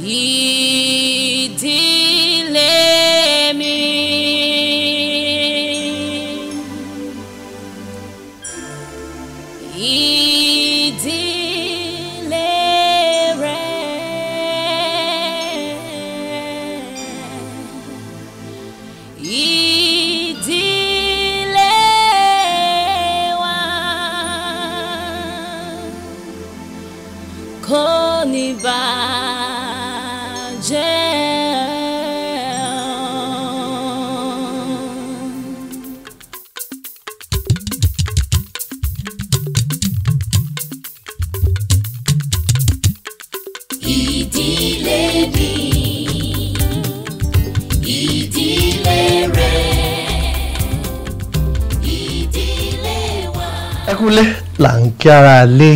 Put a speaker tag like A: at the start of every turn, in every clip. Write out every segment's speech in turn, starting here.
A: Yeah. kúlé
B: là ń kí ara lé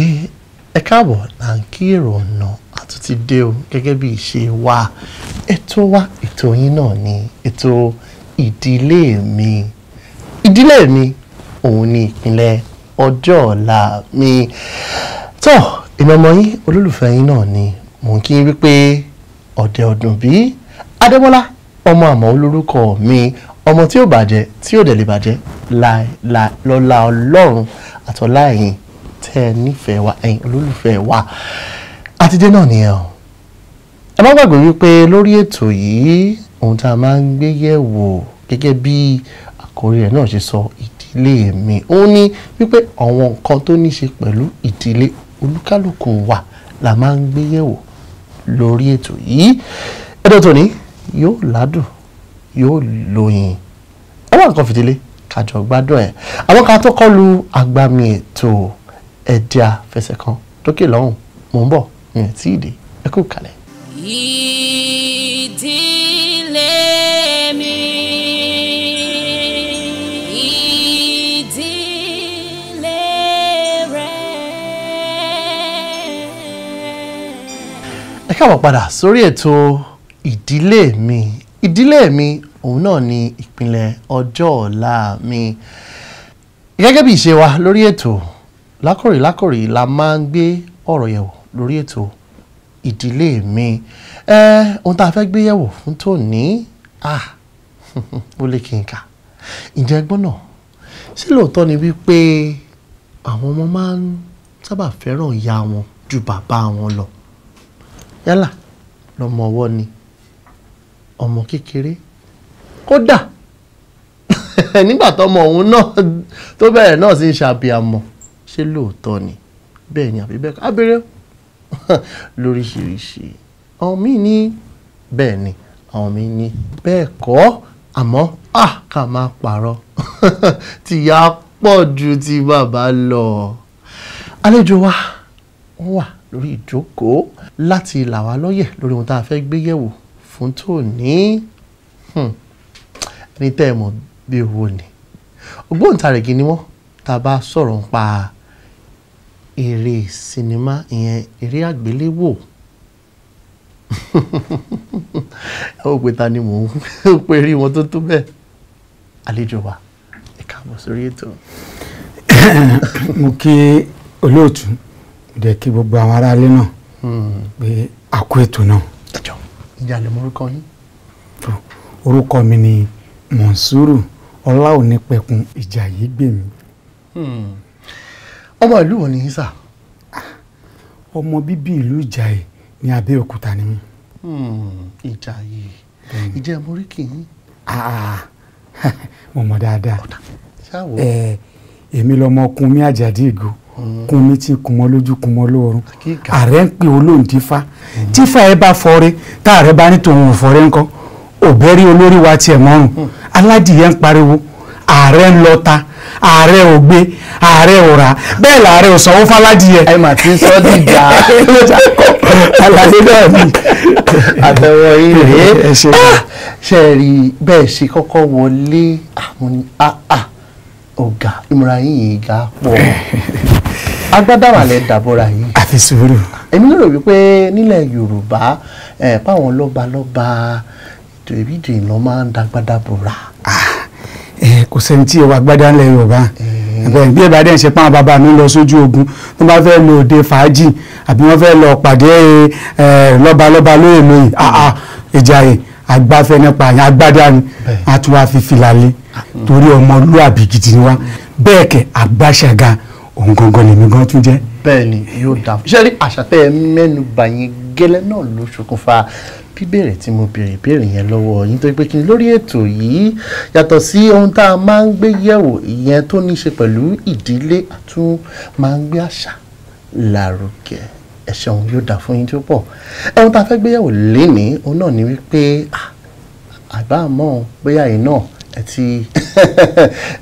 B: ẹ káàbọ̀ là ń kí èrò àtúntí dé o gẹ́gẹ́ bí ìṣe wa ètò wa ètò yín náà ni ètò ìdílé mi ìdílé mi òun ni ìpínlẹ̀ ọjọ́ ọ̀la mi tó èmi ọmọ yín olólùfẹ́ yín náà ni mò ń kí wípé ọ̀dẹ̀ ọ̀dùn bí Adébọ́lá ọmọ àmọ́ olórúkọ mi ọmọ tí ò bàjẹ́ tí ò dẹ̀ lè bàjẹ́ lọ́la ọlọ́run àtọ́lá ẹ̀yin tẹ́ ẹ nífẹ̀ẹ́ wa ẹ̀yin olólùfẹ́ wa àtijọ́ náà nìyẹn o ẹ má gbàgbé wípé lórí ètò yìí ohun tá a máa ń gbé yẹ̀ wò gẹ́gẹ́ bí àkórí ẹ̀ náà ṣe sọ ìdílé mi ó ní wípé àwọn nǹkan tó ní ṣe pẹ̀lú ìdílé olúkálùkù wa la máa ń gbé yẹ̀ wò lórí ètò yìí ẹ̀dọ̀ tòní yóò ládùn yóò lóyin ọwọ́ nǹkan fìdílé kájọ gbádùn ẹ̀ àwọn kan tó kọlu agbami ètò ẹ̀díà fẹsẹ̀ kan dókè lọ́hùn mò ń bọ̀ mi ò tí ì dé ẹ kú kalẹ̀. ìdílé
A: mi. ìdílé rẹ.
B: ẹ káàbọ̀ padà sórí ètò ìdílé mi ìdílé mi òun náà ni ìpìlẹ̀ ọjọ́ ọ̀la mi gẹ́gẹ́ bí ìṣe wa lórí ètò lákòrè lákòrè la máa ń gbé ọ̀rọ̀ yẹ̀wò lórí ètò ìdílé mi ẹ ohun tá a fẹ́ gbé yẹ̀wò fún tòní ah ó lè kí n kà ǹjẹ́ gbọ́n náà ṣé lóòótọ́ ni wípé àwọn ọmọ máa ń sábà fẹ́ràn ìyá wọn ju bàbá wọn lọ yálà lọ́mọ ọwọ́ ni ọmọ kékeré kódà nígbà tọmọ òun náà tó bẹ̀rẹ̀ náà sì ń ṣàbíamọ ṣé lóòótọ́ ni bẹ́ẹ̀ ni àbí bẹ́ẹ̀ ká béèrè lóríṣiríṣi àwọn míì ní bẹ́ẹ̀ ni àwọn míì ní bẹ́ẹ̀ kọ́ àmọ́ à ká máa pààrọ̀ tìyá pọ̀ ju ti bàbá lọ àlejò wa wọ́n wà lórí ìjókòó láti là wá lóye lórí ohun tá a fẹ́ gbé yẹ̀wò fún tòní hmm. ẹni tẹ́ ẹ mọ̀ bí owó ni ògbóǹtarìgì ni wọ́n tá a bá sọ̀rọ̀ ń pa eré sinimá ìyẹn eré àgbéléwò ẹ ó pe ta ni mò ń pe rí wọn tó tó bẹ́ẹ̀ àlejò wa ẹ káàbọ̀ sórí ètò. mo kí
C: olóòtú mo dẹ̀ kí gbogbo àwọn aráalé náà hmm. pé a kú ètò náà
B: ìjàlè morúkọ yín.
C: orúkọ mi ni mọ̀nsúrù ọláòní pẹ̀kun ìjàyè gbèmí. Hmm. ọmọ ìlú wo ni yín sà. ọmọ bíbí ìlú ìjàyè ní abẹ́òkúta ni mí. Hmm, ìjàyè
B: ìjẹ́ mórí kì í.
C: Ah, mo mọ̀ dáadáa èmi lọmọ ọkùnrin mi kunmi ti kùmọ́ lójú kùmọ́ lóorun ààrẹ ń pè olóǹdí fa tífà ẹ bá fọre táàrẹ bá ní tòun ò fọre ńkọ́ òbẹ́rí olórí wa tiẹ̀ mọ́rùn hmm. aládìyẹ ń pariwo ààrẹ ń lọ ta ààrẹ ò gbé ààrẹ ò rà bẹ́ẹ̀
B: làárẹ̀ ò sanwó fáládìyẹ. ẹ mà ti sọ dìjà àlàyé náà ni. àbẹ̀wò yìí rèé ṣe rí bẹ́ẹ̀ ṣe kọ́kọ́ wọlé àmúni ah, àà ah, ah, ọ̀gá ìmúra yìnyín ga pọ̀ agbádáwà lẹ dàbọ̀ra yìí. àfi sùúrù. èmi lérò wípé nílẹ̀ yorùbá ẹ̀ páwọn lọ́balọ́ba ètò ìbídìí ló máa ń dàgbádà bọ̀ra. Ah,
C: kò sẹ́ni tí ìwà agbádá ńlẹ̀ yorùbá eh. bí ẹ bá dẹ̀ ń ṣe páwọn bàbá mi lọ sójú ogun tó bá fẹ́ lọ òde fàájì àbí wọ́n fẹ́ lọ pàdé lọ́balọ́ba lóye lóye ah, ah, ìjàyè agbáfẹ́ nípa àyàn agbádá ni a tún wá fi fìlà lé torí ọmọlúwàbí gidi ni wá bẹ́ẹ̀ kẹ́ àgbàṣàgà òun gangan lèmi gan tún jẹ́.
B: bẹ́ẹ̀ni yóò dà fún ṣẹlẹ àṣàtẹ mẹ́nu bà yín gẹ́lẹ́ náà ló ṣokùnfà bíbèrè tí mo béèrè ìbéèrè yẹn lọ́wọ́ yín torí pé kí n lórí ètò yìí yàtọ̀ sí ohun tá a máa ń gbé yẹ̀wò ìyẹn tó ní í ṣe pẹ̀lú ìdílé àtún máa ń gbé àṣà lárugẹ ẹ ṣeun yóò dà fún yín tó pọ̀ ohun tá a fẹ́ gbé yẹ̀wò lénìí òun náà ni wípé àbámọ̀ bóyá yìí náà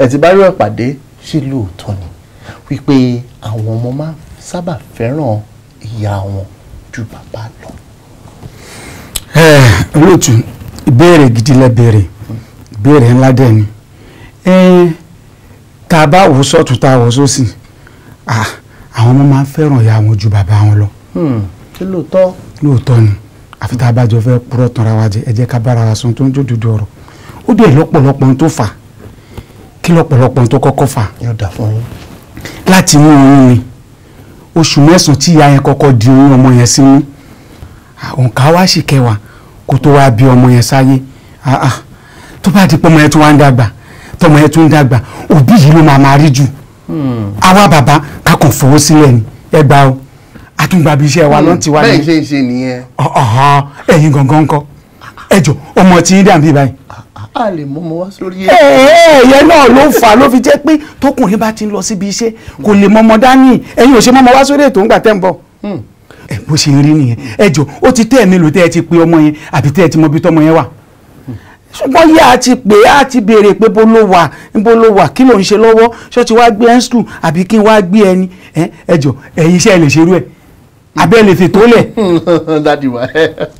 B: ẹ ti bá rí ọ̀pàdé ṣé lóòótọ́ ni wípé àwọn ọmọ máa ń sábà fẹ́ràn ìyá wọn ju bàbá lọ.
C: ẹ olóòtú ìbéèrè gidi lẹ béèrè ìbéèrè ńlá dẹ ni tá a bá wò sọ́tún tá a wò sósì àwọn ọmọ máa ń fẹ́ràn ìyá wọn ju bàbá wọn lọ.
B: ṣé hmm, lóòótọ́.
C: lóòótọ́ ni àfi tá a bá jọ fẹ́ purọ́ tanra wa jẹ ẹ jẹ́ ká bára wa sùn tó ń jó dúdú ọ̀rọ̀ ó dé lọ́pọ̀lọpọ̀ tó fà kí lọ́pọ̀lọpọ̀ tó kọ́kọ́ fà. yóò dà fún yín láti inú oyún ni oṣù mẹ́sàn-án tí ìyá yẹn kọ́kọ́ di oyún ọmọ yẹn sínú òǹkà wá sì kẹwàá kó tó wá bí ọmọ yẹn sáyé ah, ah. tó bá di pé ọmọ yẹn tó wá ń dàgbà tọmọ yẹn tó ń dàgbà òbí yìí ló máa máa rí jù hmm. àwa bàbá ká fowó sílẹ̀ ni ẹ gbà o àtúngbàbí iṣẹ́ wa ló ń tiwa ni bẹ́ẹ̀
B: ṣe ń ṣe nìyẹn
C: ẹ̀yin gangan kọ́ ẹ jọ ọmọ tí ń dàbí báyìí
B: a lè mú ọmọ wá sórí ẹ. ẹyẹ náà ló fà á ló fi
C: jẹ́ pé tókùnrin bá ti ń lọ síbi iṣẹ́ kò lè mọ ọmọ dání ẹ̀yin ò ṣe mọ ọmọ wá sórí ètò ńgbà tẹ́ ń bọ̀. Hmm. ẹ bó ṣe rí nìyẹn ẹ jọ ó ti tẹ́ ẹ̀ mélòó tẹ́ ẹ ti pe ọmọ yẹn àbí tẹ́ ẹ ti mọ ibi tọmọ yẹn wà. ṣùgbọ́n yá a ti pè á ti béèrè pé bó ló wà bó ló wà kí ló ń ṣe lọ́wọ́ ṣó ti wá gbé ẹ́ ń skul àbí kí n wá gbé ẹni ẹ jọ ẹ̀yin iṣẹ́ ẹ lè ṣerú ẹ̀ àbẹ́ lè fètò lẹ̀.
B: Hmm,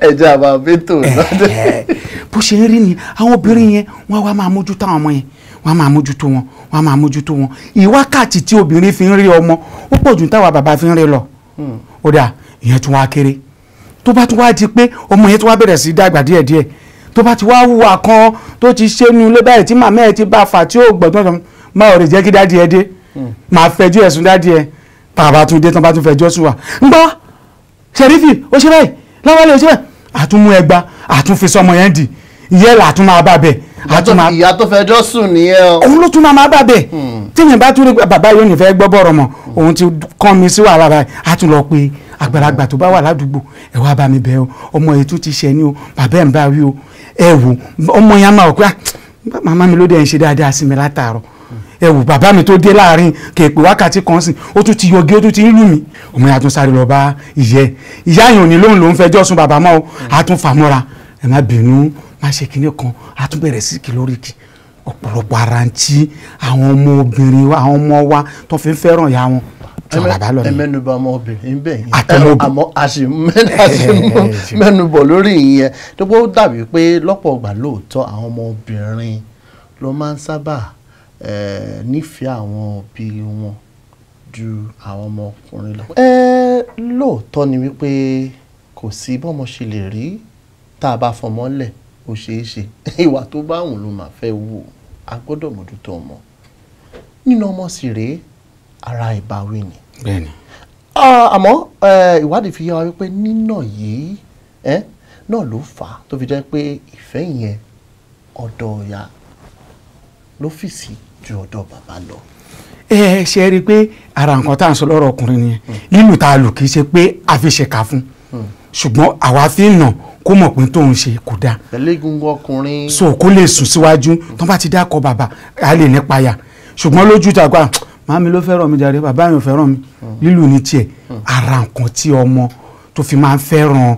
B: ẹja àbá bẹ́tò eh, lọ́dẹ. Eh,
C: bó ṣe ń rí ni àwọn obìnrin yẹn wọ́n wá máa mójútó àwọn ọmọ yẹn wọ́n á máa mójútó wọn wọ́n á máa mójútó wọn ìwákàtí tí obìnrin fi ń rí ọmọ ó pọ̀ jù táwa bàbá fi ń rí lọ. Hmm. ó dà ìyẹn tún wá kéré tó bá tún wá di pé ọmọ yẹn tún wá bẹ̀rẹ̀ sí dàgbà díẹ̀díẹ̀ tó bá ti wá hùwà kan tó ti ṣe nu ilé báyìí tí màmá ẹ̀ ti bá fà tí ó gbọ̀dọ̀ tán máa rè jẹ́ kí dádìí ẹ dé máa hmm. fẹjọ́ ẹ̀sùn dádìí ẹ bàbá tún dé tán bá tún fẹjọ́ sùn wà. ń gbọ́ Ṣẹ̀rífì ó ṣe báyìí láwọn lè ṣe bẹ́ẹ̀ àtúnmú ẹgba àtúnfisọ ọmọ yẹn dì ìyẹ́ là tún máa bá bẹ̀. ìyá tó fẹ́ jọ́ sùn nìyẹn o. òun ló tún máa máa bá bẹ̀ hmm. tíyẹn bá tún rí bàbá yóò nífẹ̀ẹ́ gbọ́ bọ̀rọ̀ mọ̀ hmm. òun ti kọ́ mi sí wàhálà báyìí a tún lọ pé àgbàlagbà tó bá wà ládùúgbò ẹ wá bá mi bẹ̀ o ọmọ yìí tún ti ṣẹ ní o bàbá ẹ̀ ń bá wí o ẹ wò ọmọ yẹn máa wọ̀ pé ah, màmá mi ló dé ẹ̀ ń ṣe dáadáa sí mi látàárọ̀ ẹwù bàbá mi tó dé láàrin kèèpè wákàtí kan sìn ó tún ti yọgí ó tún ti ń lù mí ọmọ yẹn àtúnṣe lọ bá ìyẹ ìyá yẹn ò ní lóhùn ló ń fẹjọ́ sùn bàbá mọ́ àtúnfàmọ́ra ẹ má bínú má ṣe kinní kan àtúnbẹ̀rẹ̀ sí kìlóríkì ọ̀pọ̀lọpọ̀ ara ń tí àwọn ọmọ obìnrin wa àwọn ọmọ wa tó fi ń fẹ́ràn ìyá wọn tí wọn bàbá lọ ni.
B: ẹmẹnubọ ọmọ obìnrin bẹ́ẹ̀ yẹn àmọ́ àṣìmẹnubọ lórí ìyẹn tó pé ó dàbí pé lọ́pọ̀ ọgbà lóòótọ́ àwọn ọmọ obìnrin ló máa ń sábà nífẹ̀ẹ́ àwọn òbí wọn ju àwọn ọmọkùnrin lọ. ẹ lóòótọ́ ni wípé kò sí bọ́mọ ṣe lè rí tá a bá fọmọ lẹ̀ ó ṣeé ṣe ìwà tó bá wùn ló máa fẹ́ wù a gbọ́dọ̀ mójútó ọmọ nínú ọmọ sì rèé ara ìbáwí ni. bẹ́ẹ̀ni. àmọ́ ìwádìí fi yé wa wípé nínà yìí náà ló fà á tó fi jẹ́ pé ìfẹ́ yẹn ọ̀dọ̀ ọ̀yà ló fì sí ju ọ̀dọ̀ bàbá lọ.
C: ẹ ẹ ṣe rí i pé ara nǹkan tá à ń sọ lọ́rọ̀ ọkùnrin nìyẹn hmm. lílù tá a lù kì í ṣe pé a fi ṣèkà fún hmm. ṣùgbọ́n àwa fi ń nà kó mọ̀ pé tóun ṣe kò dáa.
B: pẹ̀lú egungun ọkùnrin. so
C: kó lè sùn síwájú tó bá ti dákọ̀ bàbá a lè nípa ya ṣùgbọ́n lójú tàgbà màmí ló fẹ́ràn mi jàre bàbá mi ò fẹ́ràn mi hmm. lílù ní tiẹ̀ ara nǹkan tí ọmọ tó fi máa ń fẹ́ràn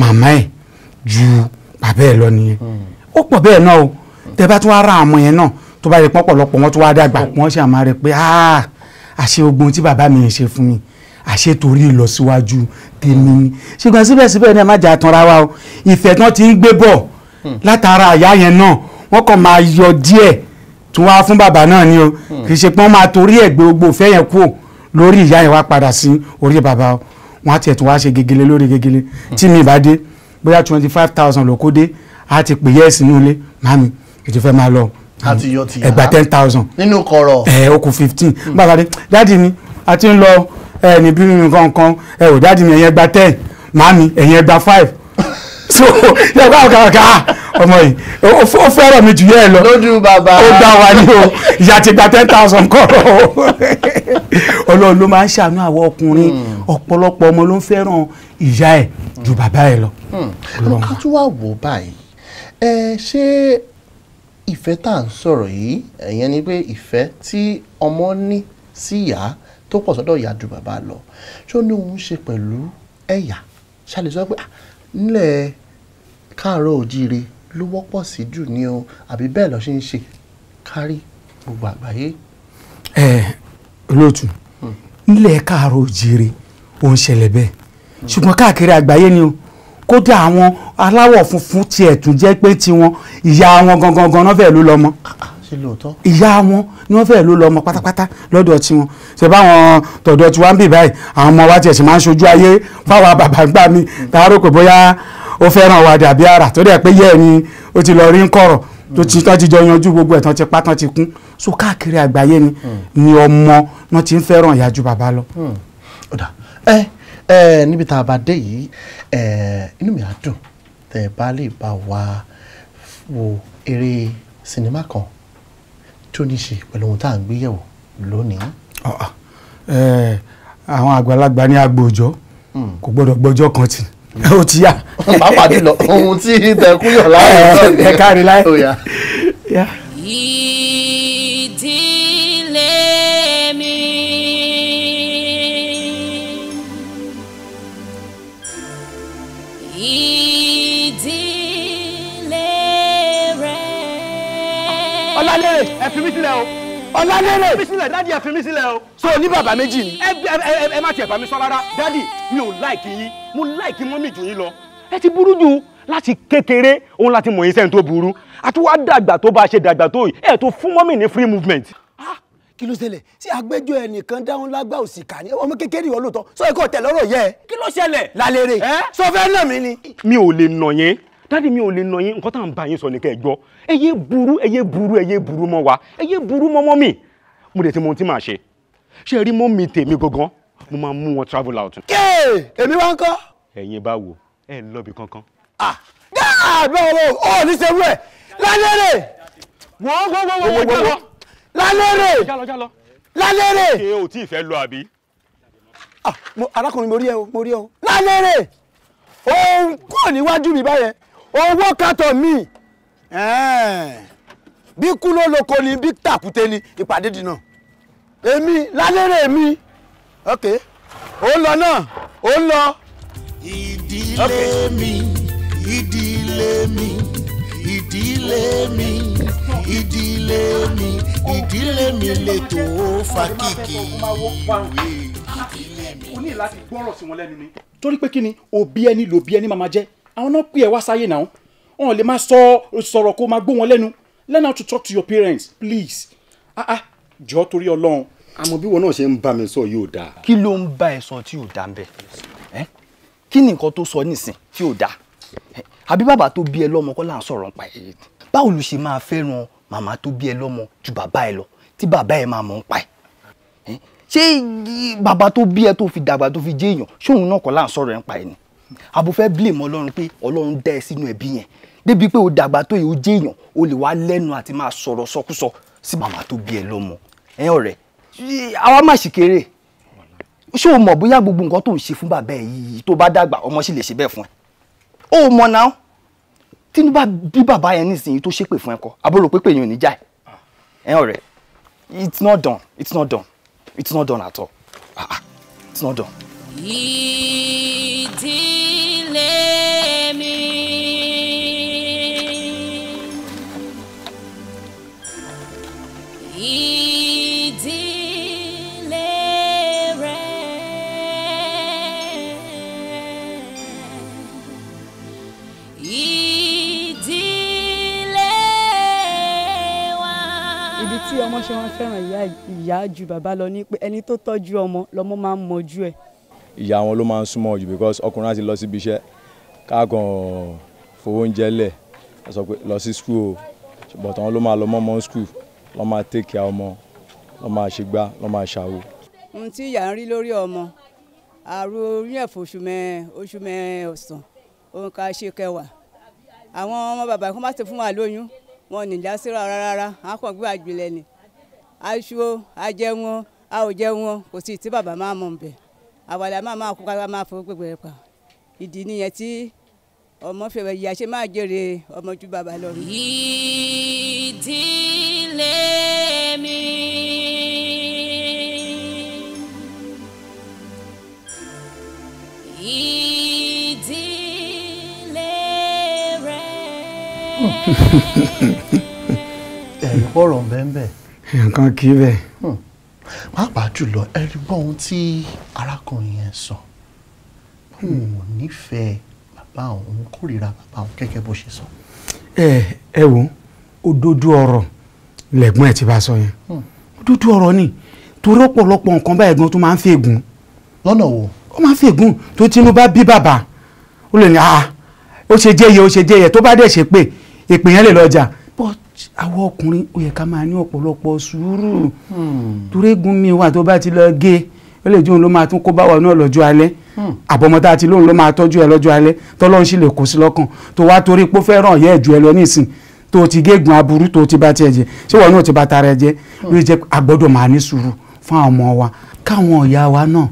C: màmá ẹ̀ ju bàbá ẹ̀ lọ nìyẹn ó pọ̀ bẹ́ẹ̀ náà o tẹ bá tún wá ra àmọ́ yẹn náà tó bá yẹ pọ́n pọ̀lọpọ̀ wọn tó wá dàgbà wọ́n ṣe àmà rẹ̀ pé ah, àṣẹ ogun tí bàbá mi ṣe fún mi àṣẹ torí ìlọsíwájú tèmi ni ṣùgbọ́n síbẹ̀síbẹ̀ ní ẹ má jà tanra wa o ìfẹ́ tán ti ń gbé bọ̀ hmm. látara àyà yẹn náà wọ́n kàn máa yọ díẹ̀ tún wá fún bàbá náà ni o hmm. kì í ṣe pé wọ́n máa torí ẹ̀ gbé gbogbo ìfẹ́ yẹn kúrò lórí ìyá yẹn wá padà sí orí bàbá o wọn á tiẹ̀ tún wá ṣe gegele lórí gegele hmm. tí mi bá dé bóyá twenty five thousand ló kó dé á ti pè yẹ́ ẹ̀sìn nílé màmí ètò fẹ́ máa lọ
B: àti yọ ti yàrá ẹgbà ten
C: thousand nínú kọ̀rọ̀ ẹ ó kù fifteen bàbá rẹ dáàdi mi a ti ń lọ ẹ níbí nǹkan kan ẹ ò dáàdi mi ẹ̀yẹn gba ten màámi ẹ̀yẹn gba five so yẹ ká ká ká ọmọ yìí ó fẹ́ràn mi jù yẹ́ ẹ lọ lójú bàbá ó gbà wá ní o ìyá ti gba ten thousand kọ̀rọ̀ o ọlọ́run ló máa ń ṣàánú àwọn ọkùnrin hmm. ọ̀pọ̀lọpọ̀ ọmọ ló ń fẹ́ràn ìyá ẹ̀ ju bàbá ẹ̀
B: lọ. Hmm. ká tún wá wò báyìí ẹ ṣé ìfẹ́ tá à ń sọ̀rọ̀ yìí ẹ̀yẹn ni pé ìfẹ́ tí ọmọ ní sí ìyá tó pọ̀ sọ́dọ̀ ìyá ju bàbá lọ ṣó ní òun ṣe pẹ̀lú ẹ̀yà ṣàlẹ̀ sọ pé nílẹ̀ káàárọ̀ òjíire ló wọ́pọ̀ sí jù ní o àbí bẹ́ẹ̀ lọ ṣe ń ṣe kárí gbogbo àgbáyé.
C: ẹ olóòtú hmm. nílẹ̀ káàárọ̀ òjíire òun ṣẹlẹ̀ bẹ́ẹ̀ ṣùgbọ́n káàkiri àgbáyé ni o. Mm kódà àwọn aláwọ̀ funfun tiẹ̀ tún jẹ́ pé tiwọn ìyá wọn gangan ganan fẹ́ẹ́ ló lọ́mọ ìyá wọn ni wọ́n fẹ́ẹ́ ló lọ́mọ pátápátá lọ́dọ̀ tiwọn ṣe báwọn tọ̀dọ̀ tiwa ń bì báyìí àwọn ọmọ wa tiẹ̀ sì máa ń ṣojú ayé fáwọn bàbá gbà mí tààrọ̀ kò bóyá ó fẹ́ràn wa dàbí ara tó dẹ̀ pé yẹ́ẹ̀ ni ó ti lọ rí ń kọ̀rọ̀ tó ti tán ti jọ yanjú gbogbo ẹ̀ tán ti pa ti kún so káàkiri àgbáyé ni hmm. ni ọmọ náà ti ń fẹ́ràn ìyá
B: bàbá lọ. Hmm. ẹ ẹ níbi tá a bá dé yìí ẹ inú mi á dùn tẹ́ ẹ bá lè bá wa wo eré sinimá kan tó ní ṣe pẹ̀lú ohun tá à ń gbé yẹ̀wò lónìí.
C: àwọn àgbàlagbà ní agbòjọ́ hmm. kò gbọ́dọ̀ gbọ́jọ́ kan tì ó ti yá.
B: pàápàá jùlọ ohun tí tẹkùn yọ̀
A: láàyè. ẹ káàrí láyé. ọlálẹ́rẹ̀ ẹ fi mí sílẹ̀ o ọlálẹ́rẹ̀ ẹ fi mí sílẹ̀ dádì ẹ fi mí o. so ní bàbá méjì
C: ni. ẹ ẹ ẹ má tiẹ̀ bá mi sọ rárá dádì mi ò láìkì yín mo láìkì mọ́mì jù yín lọ. ẹ ti burú jù láti kékeré òun láti mọ̀ yín sẹ́ni tó burú àtúwá dàgbà tó bá ṣe dàgbà tó yìí ẹ̀ tó fún mọ́mì ní free movement. Ah, kí ló ṣẹlẹ̀ sí àgbẹ́jọ́ ẹnìkan dáhùn lágbà òsì kà ní ọmọ kékeré ìwọ lóòótọ́ sọ èkó tẹ̀ lọ́rọ̀ yẹ. kí ló ṣẹlẹ̀. lálẹ́ sọ fẹ́ nà mí ni. mi ò lè nà yẹn dáàdi mi ò lè nà yín nǹkan tá à ń bá yín sọ ní kẹ́ ẹ gbọ́ ẹ yé burú ẹ yé burú ẹ yé burú mọ́ wa ẹ yé burú mọ́ mọ́ mi mo dẹ̀ ti mọ ohun tí màá ṣe ṣé rí mọ́ mi tèmi gangan mo máa mú wọn travel out. kéè èmi wá ń kọ́. ẹ̀yin bá wo ẹ ń lọ́bi kankan. gáà bẹ́ẹ̀ o ò ní ṣerú ẹ̀ lálẹ́rẹ̀. wọ́n wọ́n wọ́n wọ́n jálọ. lálẹ́rẹ̀. jálọ jálọ. lálẹ́rẹ̀. ṣé o tí ì fẹ́ lọ àbí. arákùnrin mo rí ẹ o mo rí ẹ o lálẹ́rẹ̀. òun kò níwájú mi báyẹn owó kàtọ̀ mi bí kú ló loko ni bí tàkùté ni ìpàdé dìnnà èmi lálẹ́rẹ̀ mi ok ó ń lọ náà ó lọ. ìdílé
B: mi ìdílé mi ìdílé mi ìdílé mi ìdílé mi lètò fàkìkì ìwé
C: ìdílé mi. o ní láti gbọ́rọ̀ sí wọn lẹ́nu ni. torí pé kí ni òbí ẹni lòbí ẹni máa ma jẹ́ àwọn náà pè ẹ́ wá sáyé náà wọn lè máa sọ sọ̀rọ̀ kó máa gbó wọn lẹ́nu learn how to talk to your parents please ah ah jọ torí Ọlọ́run. àmọ́ bí wọn náà ṣe ń bá mi sọ yóò dáa. kí ló ń bá ẹ sọ tí yóò dáa ń bẹ kí ni nǹkan tó sọ nísìn tí yóò dáa àbí bàbá tó bí ẹ lọ́mọ kọ́ là ń sọ̀rọ̀ nípa ẹ̀ báwo ló ṣe máa fẹ́ràn màmá tó bí ẹ lọ́mọ ju bàbá ẹ lọ tí bàbá ẹ máa mọ̀ ń pa ẹ̀ ṣé bàbá tó bí ẹ tó fi dàgbà tó fi jẹ́ èèyàn ṣóun náà kọ́ là ń sọ̀rọ̀ nípa ẹ̀ ni àbò fẹ́ blame ọlọ́run pé ọlọ́run dá ẹ sínú ẹbí yẹn débi pé o dàgbà tó yẹ o jẹ́ èèyàn o lè wá lẹ́nu àti máa sọ̀rọ̀ sọkúsọ sí màmá tó bí ẹ lọ́mọ ẹ ọ̀rẹ́ àwa má sì kéré ṣé o mọ̀ bóyá gbogbo nǹkan tó ń ṣe fún bàbá ẹ yìí tó bá dàgbà ọmọ sì lè ṣe bẹ́ẹ̀ fún ẹ o mọ̀ náà tínú bá bí bàbá yẹn nísìnyí tó ṣépè fún ẹ kọ abúlò pépè yẹn ò ní jà ẹ ọ̀rẹ́ it's not done it's not done it's not done at all ah, ah it's not done
A: lé mi. Ìdílé rẹ̀ ìdílé wa. Ibi tí ọmọ ṣe wọn fẹ́ràn ìyá ju bàbá lọ ni pé ẹni tó tọ́jú ọmọ lọmọ máa ń mọjú ẹ̀
C: ìyá wọn ló máa ń súnmọ́ jù because ọkùnrin àti lọ síbi iṣẹ́ káàkàn fowó oúnjẹ lẹ̀ sọ pé lọ sí school o ṣùgbọ́n tàwọn ló máa lọ mọ́mọ́ school lọ́ máa take care ọmọ lọ́ máa ṣe gbá lọ́ máa ṣàwo. ohun tí ìyá ń rí lórí ọmọ àrùn orí ẹ̀fọ́ oṣù mẹ́ oṣù mẹ́ ọ̀sán òun ká ṣe kẹwàá àwọn ọmọ bàbá kó má ṣe fún wa lóyún wọn ní ìdásíra rárá á kàn gbé àjùlẹ̀ ni aṣọ ajẹun a ò jẹun kò sí tí bàbá máa mọ̀ bẹ́ẹ̀ àwa la máa máa kó ká máa fọ gbogbo pa ìdí nìyẹn tí
A: ọmọ fẹ̀rẹ̀ yìí àṣẹ máa jèrè ọmọ ju bàbá lọ. ìdílé mi. ìdílé rẹ.
B: ẹ̀rí pọ̀rọ̀ bẹ́ẹ̀ bẹ́ẹ̀. nǹkan kì í bẹ́ẹ̀ pàápàá jùlọ ẹ rí gbọ́ ohun tí arákùnrin yẹn sọ òun ò nífẹ̀ẹ́ bàbá òun kórìíra bàbá òun gẹ́gẹ́ bó ṣe sọ.
C: ẹ ẹ wo òdodo ọ̀rọ̀ lẹ̀gbọ́n ẹ̀ ti bá sọ yẹn hmm. òdodo ọ̀rọ̀ ni torí ọ̀pọ̀lọpọ̀ nǹkan báyìí gan tó máa ń fègùn. lọ́nà wo. ó máa ń fègùn tó tinú bá bí bàbá ó lè ní ah, ah ó ṣe jẹ́yẹ ó ṣe jẹ́yẹ tó bá dẹ̀ ṣe pé ìpè yẹn lè lọ àwọn ọkùnrin ó yẹ ká máa ní ọ̀pọ̀lọpọ̀ sùúrù hmm. túrégún mi wà tó bá ti lọ gé ó lè jóun ló máa tún kó báwọ̀ náà lọ́jọ́ alẹ́ hmm. àbọ̀mọ́ tá a ti lóun ló máa tọ́jú ẹ lọ́jọ́ alẹ́ tọ́lọ́run sì lè kó sí lọ́kàn tó wá torí pé ó fẹ́ràn ọ̀yẹ́ ẹ̀jú ẹ lọ nísìn tó ti gégun aburú tó ti bá tiẹ̀ jẹ ṣé wọn náà ti bá tara ẹ jẹ hmm. ló jẹ agbọ́dọ̀ máa ní sùúrù fún àwọn ọmọ wa káwọn ọ̀yá wa náà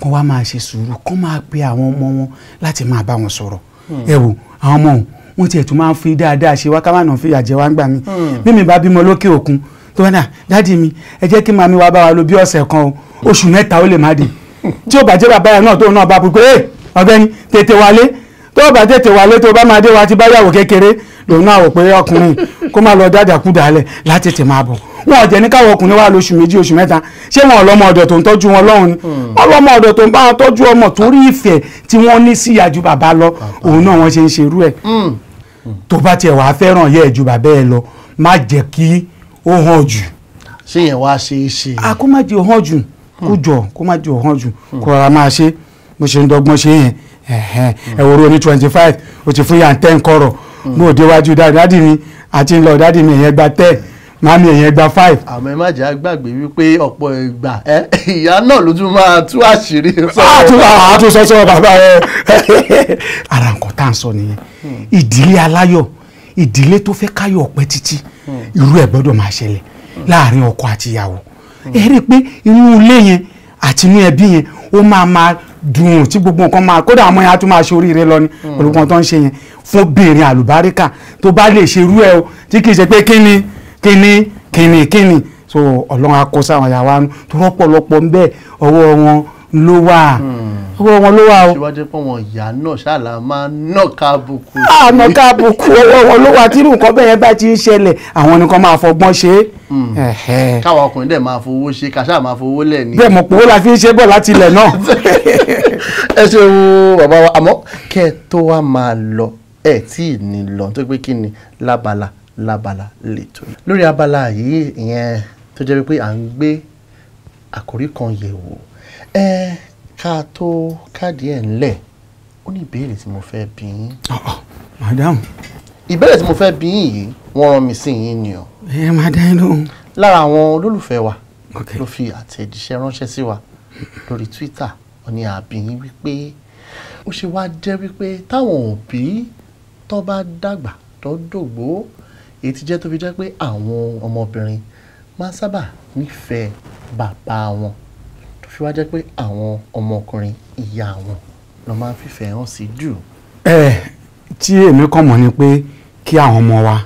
C: kó wá máa ṣe sùúrù kó máa pe àwọn ọmọ wọn láti máa bá wọn sọ̀rọ̀ ẹ wò àwọn ọmọ òun wọ́n tiẹ̀ tún máa ń fi dáadáa ṣe wá ká má nà fi àjẹ wá ń gbà mí hmm. bí mi bá bímọ lókè òkun tó wẹ́nà ah, dáàdi mi ẹ jẹ́ kí màmí wa bá wa lò bí ọ̀sẹ̀ kan o oṣù mẹ́ta ó lè má dé tí ó bàjẹ́ bàbá yẹn náà tóun náà bá pé eh, ọ̀gbẹ́ni tètè wálé tó bá tètè wálé tó bá máa dé wa ti bá yàwó kékeré lòun náà wò pé ọkùnrin kó má lọ dájàkúdà lẹ̀ láti tètè máa bọ̀ wọn ò jẹ́ ní káwọn ọkùnrin wà lóṣù méjì oṣù mẹ́ta ṣé wọn ọlọ́mọ ọ̀dọ̀ tó ń tọ́jú wọn lọ́hùn ni hmm. ọlọ́mọ ọ̀dọ̀ tó ń bá wọn tọ́jú ọmọ torí ìfẹ́ tí wọ́n ní sí ìyàjú bàbá lọ òun náà wọ́n ṣe ń ṣerú ẹ̀ hmm. tó bá tiẹ̀ wàá fẹ́ràn yẹ́ ẹ̀ bàbá ẹ lọ má jẹ́ kí ó hàn jù. ṣé yẹn wá ṣe é ṣe. a kó má jẹ́ ó hàn jù hmm. kó jọ kó má jẹ́ ó jù kó rárá máa ṣe bó ṣe ń dọ́gbọ́n ṣe yẹn ẹ̀wòrò ní twenty five ó ti fún yàn ten kọ̀rọ̀ mo déwájú dáadáa mi àti ńlọ dáàdì mi ìyẹn gba ten mami èèyàn gba five.
B: àmọ́ ẹ má jẹ́ àgbàgbé wípé ọ̀pọ̀ ìgbà ìyá náà ló tún máa tú àṣírí. a tún sọ sọ bàbá rẹ
C: ara nǹkan tá à ń sọ nìyẹn hmm. ìdílé aláyọ̀ ìdílé tó fẹ́ káyọ̀ ọpẹ́ títí hmm. irú ẹ̀ gbọ́dọ̀ máa ṣẹlẹ̀ hmm. láàrin ọkọ àti ìyàwó ẹ rí i pé inú ilé yẹn àti inú ẹbí yẹn ó máa máa dùn tí gbogbo nǹkan máa kódà àwọn ẹ̀yà tó máa ṣe oríire lọ ni hmm. olùkọ́ tó ń ṣe yẹn fún béèrè àlùbáríkà tó bá lè ṣe irú ẹ̀ o tí kì í ṣe pé kíni kíni kíni kíni so ọlọ́run akọ sáwọn ìyàwó àánú tó rọ́pọ̀lọpọ̀ ń bẹ́ẹ̀ ọwọ́ wọn ló wà
B: hmm. owó wọn ló wà o. síwájú pé wọn ìyá náà ṣáàlà máa nọ̀ka àbùkù. ànọ̀ka àbùkù owó wọn ló wà
C: tírú nǹkan bẹ́ẹ̀ bá ti ń ṣẹlẹ̀ àwọn nìkan máa fọgbọ́n ṣe é. Hmm.
B: káwa ọkùnrin dẹ̀ máa fowó ṣe kàṣà máa fowó lẹ̀ ni. bẹ́ẹ̀ mọ̀ pé owó la
C: fi ń ṣe bọ̀ láti ilẹ̀ náà.
B: ẹ ṣe wo bàbá wa àmọ́ kẹ́ ẹ tó wá máa lọ ẹ tí ì ní lọ tó abala yìí ìyẹn tó jẹ́ pé à ń kan yẹ̀ ẹ ká tó káàdì ẹ̀ ńlẹ̀ ó ní ìbéèrè tí mo fẹ́ bí yín. Ah, ah, madam. ìbéèrè tí mo fẹ́ bí yín yìí wọ́n rán mi sí yín ni o. ẹ máa dá inú. lára àwọn olólùfẹ́ wa ló fi àtẹ̀jíṣẹ́ ránṣẹ́ sí wa lórí Twitter wọ́n ní àbí yín wípé ó ṣe wá jẹ́ wípé táwọn òbí tó bá dàgbà tó dògbó èyí ti jẹ́ tó fi jẹ́ pé àwọn ọmọbìnrin máa sábà nífẹ̀ẹ́ bàbá wọn fi wá jẹ́ pé àwọn ọmọkùnrin ìyá wọn ló máa ń hàn sí jù. ẹ
C: tí èmi kàn mọ̀ ni pé kí àwọn ọmọ wa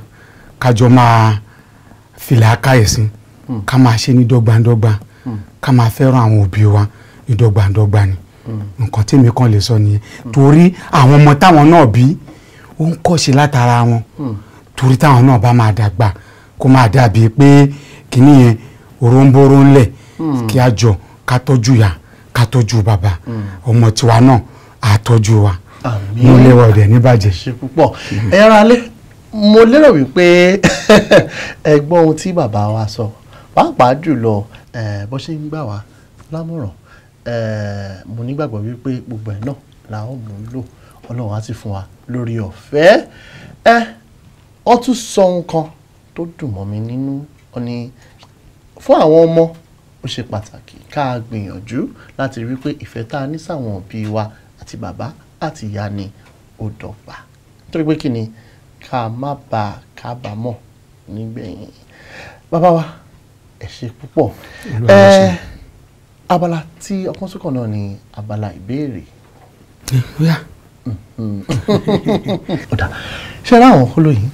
C: kájọ máa fìlà káyèsí hmm. ká máa ṣe ní dọ́gbandọ́gba hmm. ká máa fẹ́ràn àwọn òbí wa ní dọ́gbandọ́gba ni hmm. nǹkan tèmi kan lè sọ nìyẹn torí àwọn ọmọ táwọn náà bí ó ń kọ́ṣe látara wọn torí táwọn náà bá máa dàgbà kó máa dàbí pé kìnìyẹn òróǹbóró ńlẹ̀ kí a jọ ká tọ́jú ya ká tọ́jú bàbá ọmọ tiwa náà á tọ́jú wa mo lẹ́wà ọ̀dẹ̀ níbàjẹ́.
B: ṣe púpọ̀ ẹran alẹ́ mo lérò wípé ẹgbọ́n ohun tí bàbá wa sọ pàápàá jùlọ bó ṣe ń gbà wá lámọ̀ràn mo nígbàgbọ́ wípé gbogbo ẹ̀ náà la ó mú lò ọlọ́run á ti fún wa lórí ọ̀fẹ́ ẹ ọ tún sọ nǹkan tó dùn mọ́ mi nínú ọ ni fún àwọn ọmọ ó ṣe pàtàkì ká a gbìyànjú láti rí pé ìfẹ́ tá a ní sáwọn òbí wa àti bàbá àti ìyá ni ó dọ̀gba nítorí pé kí ni ká má ba kábàámọ̀ nígbẹ̀yìn bàbá wa ẹ ṣe púpọ̀ ẹ abala tí ọpọ́n sókàn náà ni abala ìbéèrè. ọ̀dà ṣe ra àwọn olóyìn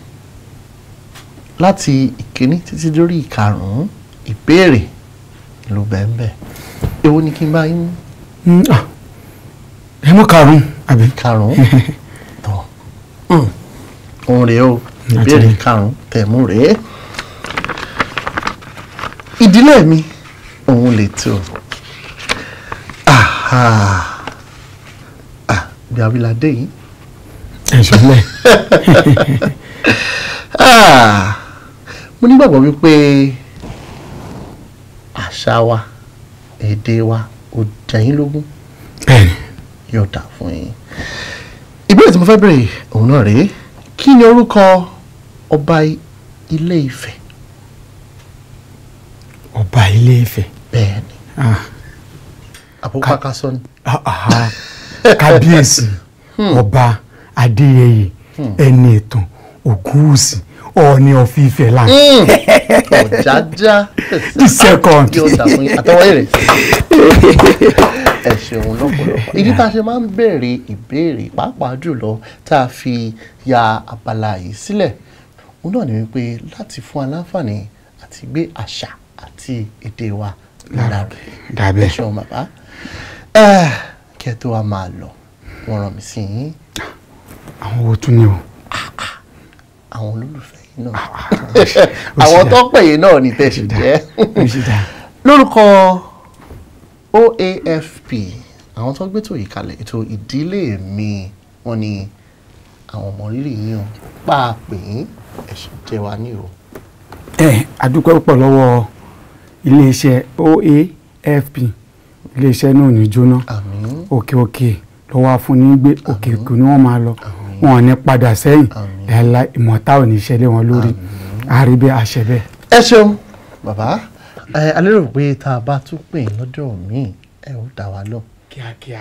B: láti ìkíní títí dórí ìkarùn-ún ìbéèrè ló bẹ́ẹ̀ bẹ́ẹ̀ èwo ni kí n bá yín mú. Hmm, ah, ẹ mú karùn-ún àbí. karùn-ún tọ hmm, òun rèé o ìbéèrè karùn-ún tẹ̀mú rèé ìdílé mi òun lè tó bí awilade yìí. ẹ ṣọlẹ. Ah, mo nígbàgbọ́ wípé àṣà wa èdè wa ò jẹyìn lógún yóò dà fún yín. ìbéèrè tí mo fẹ́ bèrè òun náà rèé kí ni orúkọ ọba ilé Ifẹ̀.
C: ọba ilé Ifẹ̀.
B: bẹ́ẹ̀ni àbúkàkà ah. ni.
C: Ah, kábíyèsí hmm. Hmm. ọba adéyẹyè hmm. ẹni ìtàn ògúnwùsì Ọọ̀ni of Ifẹ̀ land. Mm.
B: ọ̀jájá the second. àtọwọ́ èrè ẹ ṣeun lọ́pọ̀lọpọ̀ ìdí tá a ṣe máa ń béèrè ìbéèrè pàápàá jùlọ tá a fi ya abala yìí sílẹ̀ òun náà ni wípé láti fún aláǹfààní àti gbé àṣà àti èdè wa lábẹ́ ẹ ṣeun bàbá kí ẹ tó wa máa lọ wọ́n rán mi sí yín. àwọn wo tún ni o. Ah, ah. àwọn olólùfẹ́ Ah, ah, ah, náà àwọn tó pè yín náà ní tẹ̀sí jẹ́ lórúkọ OAFP àwọn tó gbé tó yìí kalẹ̀ ètò ìdílé mi wọ́n ní àwọn ọmọ rírì yín o pàápẹ̀ yín ẹ̀sìn jẹ́ wa ní o. ẹ
C: adúpẹ́ púpọ̀ lọ́wọ́ iléeṣẹ́ OAFP iléeṣẹ́ náà ò ní jóná òkè òkè lọ́wọ́ afúnigbé òkè òkè ni wọ́n máa lọ wọn ò ní padà sẹ́yìn. Àmín ẹ̀la ìmọ̀ta ò ní ṣẹlẹ̀ wọn lórí àríbẹ̀ àṣẹ
B: ẹ ṣeun bàbá ẹ alérò pé tá a bá tún pè é lọ́jọ́ míì ẹ ó dá wa lọ.
C: kíákíá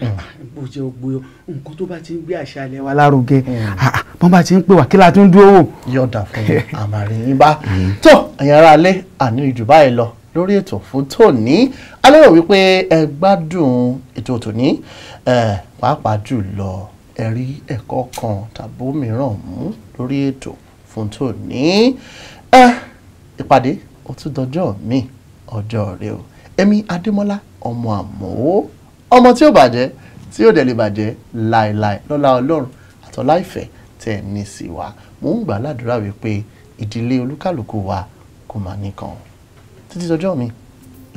C: mm. ah, bó jẹ́ gbogbo nǹkan tó bá ti ń gbé àṣà alẹ́ wa lárugẹ
B: mm. ah, ah, bọ́n bá ti ń pè wá kí la tún dúró wò. yọ̀dà fún mi àmàrin yín bá mm. tó ẹ̀yin ará alẹ́ àní ìjù báyìí lọ lórí ètò fún tòní alérò wípé ẹ gbádùn ètò tòní pàápàá jù ẹ̀rí ẹ̀kọ́ kan tàbó mìíràn mú lórí ètò fún tòní ìpàdé ó tún dọjọ́ mi ọjọ́ rẹ o èmi adémọ́lá ọmọ àmọ́ ọmọ tí ó bàjẹ́ tí ó dẹ̀ lè bàjẹ́ láéláé lọ́lá ọlọ́run àtọ́lá ìfẹ́ tẹ̀ ní sí wa mò ń gbà ládùúrà wípé ìdílé olúkálùkù wa kò máa nìkan títí dọjọ́ mi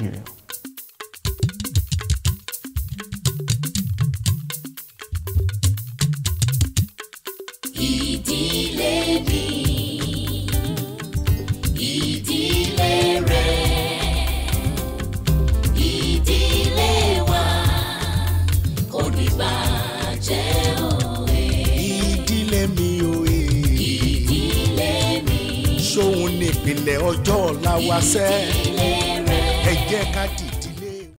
B: ire
C: ìpìlẹ̀ ọjọ́ ọ̀la wa sẹ́ ẹ jẹ́ ká dì.